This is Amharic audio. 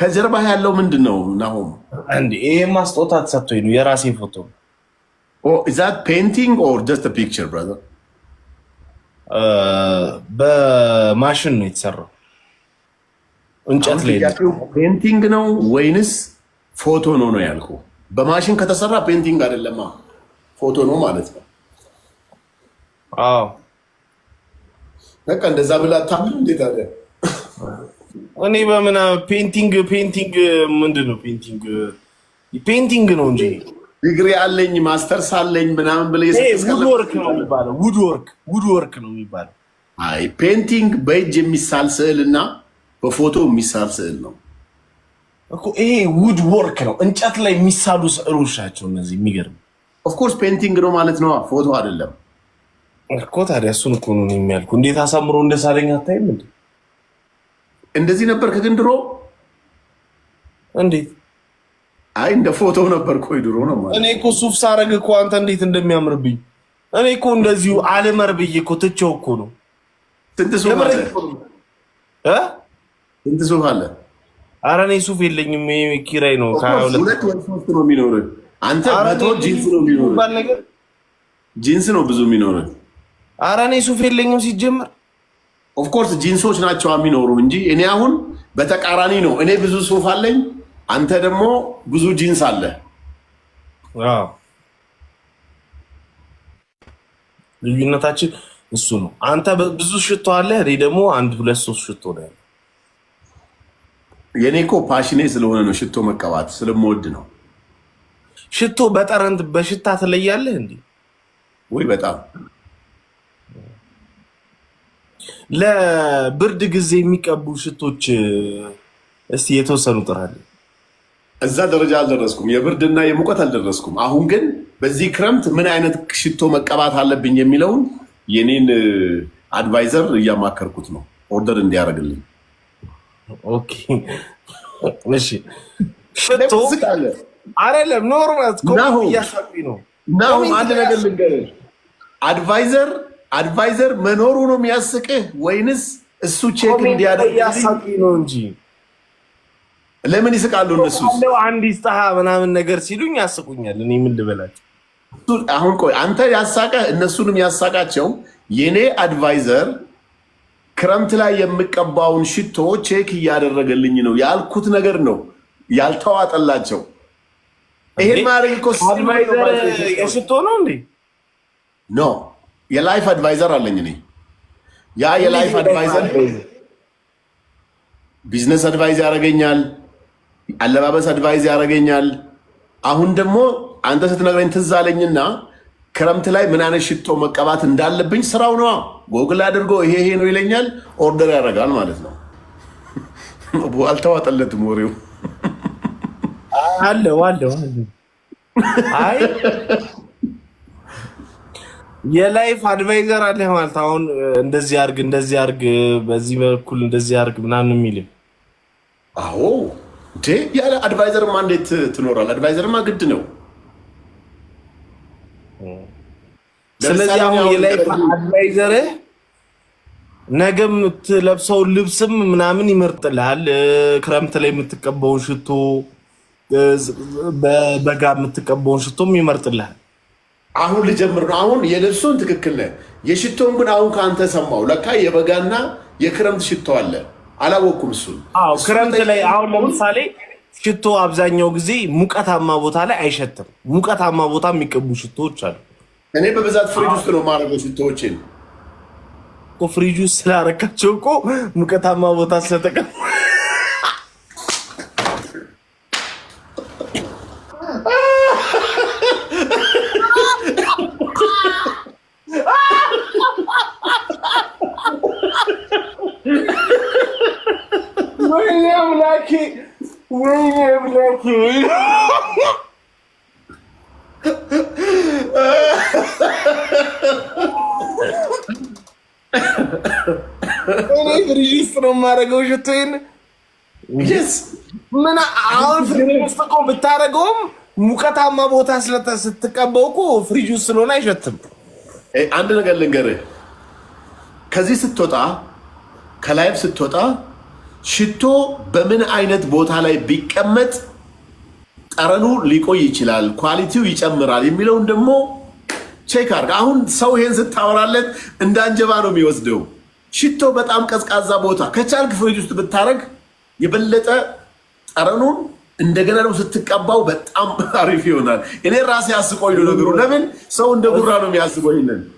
ከጀርባ ያለው ምንድን ነው? ናሆም ይህ ማስጦታ ተሰጥቶኝ ነው። የራሴ ፎቶ ዛት ፔንቲንግ ኦር ጀስት ፒክቸር ብራዘር። በማሽን ነው የተሰራው፣ እንጨት ፔንቲንግ ነው ወይንስ ፎቶ ነው ነው ያልኩ። በማሽን ከተሰራ ፔንቲንግ አይደለማ ፎቶ ነው ማለት ነው። አዎ በቃ እንደዛ ብላ ታምን እንዴት አለ እኔ በምን ፔንቲንግ ፔንቲንግ ምንድን ነው ፔንቲንግ? ፔንቲንግ ነው እንጂ ዲግሪ አለኝ ማስተርስ አለኝ ምናምን ብለህ ውድ ነው የሚባለው። ውድ ወርክ ነው የሚባለው። አይ ፔንቲንግ በእጅ የሚሳል ስዕል እና በፎቶ የሚሳል ስዕል ነው እኮ ይሄ። ውድ ወርክ ነው እንጨት ላይ የሚሳሉ ስዕሎች ናቸው እነዚህ። የሚገርም ኦፍኮርስ ፔንቲንግ ነው ማለት ነው፣ ፎቶ አይደለም እኮ። ታዲያ እሱን እኮ ነው የሚያልኩ። እንዴት አሳምሮ እንደሳለኝ አታይም እንዴ? እንደዚህ ነበርክ ግን ድሮ እንዴት? አይ እንደ ፎቶ ነበር ኮይ ድሮ ነው ማለት። እኔ እኮ ሱፍ ሳረግ እኮ አንተ እንዴት እንደሚያምርብኝ እኔ እኮ እንደዚሁ አልመር ብዬ እኮ ትቼው እኮ ነው። ስንት ሱፍ አለ እ ስንት ሱፍ አለ? አረ እኔ ሱፍ የለኝም። ኪራይ ነው ሁለት ወይ ሶስት ነው የሚኖር። አንተ። መቶ ጂንስ ነው የሚኖር። ጂንስ ነው ብዙ የሚኖር። አረ እኔ ሱፍ የለኝም ሲጀምር ኦፍኮርስ ጂንሶች ናቸው የሚኖሩ እንጂ እኔ አሁን በተቃራኒ ነው። እኔ ብዙ ሱፍ አለኝ፣ አንተ ደግሞ ብዙ ጂንስ አለ። ልዩነታችን እሱ ነው። አንተ ብዙ ሽቶ አለ፣ እኔ ደግሞ አንድ ሁለት ሶስት ሽቶ ነው ያለ። የእኔ እኮ ፓሽኔ ስለሆነ ነው፣ ሽቶ መቀባት ስለምወድ ነው። ሽቶ በጠረንት በሽታ ትለያለህ እንዴ? ወይ በጣም ለብርድ ጊዜ የሚቀቡ ሽቶች እስቲ የተወሰኑ ጥራል። እዛ ደረጃ አልደረስኩም፣ የብርድና የሙቀት አልደረስኩም። አሁን ግን በዚህ ክረምት ምን አይነት ሽቶ መቀባት አለብኝ የሚለውን የኔን አድቫይዘር uh, እያማከርኩት ነው፣ ኦርደር እንዲያደርግልኝ። ኦኬ እሺ። ሽቶ አይደለም ኖርማል ነው። አንድ ነገር ልንገርህ አድቫይዘር አድቫይዘር መኖሩ ነው የሚያስቅህ ወይንስ እሱ ቼክ እንዲያደርግ ነው እንጂ ለምን ይስቃሉ እነሱ? አንድ ይስጣሃ ምናምን ነገር ሲሉኝ ያስቁኛል። እኔ ምን ልበላቸው? አሁን ቆይ አንተ ያሳቀ እነሱንም ያሳቃቸው። የኔ አድቫይዘር ክረምት ላይ የምቀባውን ሽቶ ቼክ እያደረገልኝ ነው ያልኩት ነገር ነው ያልተዋጠላቸው። ይሄን ማድረግ እኮ ሽቶ ነው እንዴ? ኖ የላይፍ አድቫይዘር አለኝ እኔ። ያ የላይፍ አድቫይዘር ቢዝነስ አድቫይዝ ያደርገኛል፣ አለባበስ አድቫይዝ ያደርገኛል። አሁን ደግሞ አንተ ስትነግረኝ ትዝ አለኝና ክረምት ላይ ምን አይነት ሽቶ መቀባት እንዳለብኝ ስራው ነዋ። ጎግል አድርጎ ይሄ ይሄ ነው ይለኛል፣ ኦርደር ያደርጋል ማለት ነው። አልተዋጠለትም ወሬው አለው አለው አይ የላይፍ አድቫይዘር አለ ማለት አሁን እንደዚህ አርግ እንደዚህ አርግ በዚህ በኩል እንደዚህ አርግ ምናምን የሚልም አዎ እንዴ ያለ አድቫይዘርማ እንዴት ትኖራል አድቫይዘርማ ግድ ነው ስለዚህ አሁን የላይፍ አድቫይዘር ነገ የምትለብሰው ልብስም ምናምን ይመርጥልሃል ክረምት ላይ የምትቀባውን ሽቶ በጋ የምትቀባውን ሽቶም ይመርጥልሃል አሁን ልጀምር ነው። አሁን የልብሱን ትክክል ነህ። የሽቶን ግን አሁን ከአንተ ሰማው። ለካ የበጋና የክረምት ሽቶ አለ። አላወቅኩም እሱን። ክረምት ላይ አሁን ለምሳሌ ሽቶ አብዛኛው ጊዜ ሙቀታማ ቦታ ላይ አይሸትም። ሙቀታማ ቦታ የሚቀቡ ሽቶዎች አሉ። እኔ በብዛት ፍሪጅ ውስጥ ነው የማደርገው ሽቶዎችን። ፍሪጅ ውስጥ ስላረካቸው እኮ ሙቀታማ ቦታ ስለተቀመ አምላኬ ወይኔ አምላኬ እኔ ፍሪጅ ውስጥ ነው የማደርገው ሽቶዬን። ምን አሁን ፍሪጅ ውስጥ እኮ ብታደርገውም ሙቀታማ ቦታ ስትቀበው እኮ ፍሪጅ ውስጥ ስለሆነ አይሸትም። አንድ ነገር ልንገርህ፣ ከዚህ ስትወጣ ከላይቭ ስትወጣ ሽቶ በምን አይነት ቦታ ላይ ቢቀመጥ ጠረኑ ሊቆይ ይችላል፣ ኳሊቲው ይጨምራል የሚለውን ደግሞ ቼክ አድርግ። አሁን ሰው ይሄን ስታወራለት እንደ አንጀባ ነው የሚወስደው። ሽቶ በጣም ቀዝቃዛ ቦታ ከቻልክ ፍሪጅ ውስጥ ብታደረግ የበለጠ ጠረኑን እንደገና ደግሞ ስትቀባው በጣም አሪፍ ይሆናል። እኔ ራሴ አስቆኝ ነገሩ። ለምን ሰው እንደ ጉራ ነው የሚያስቆኝነን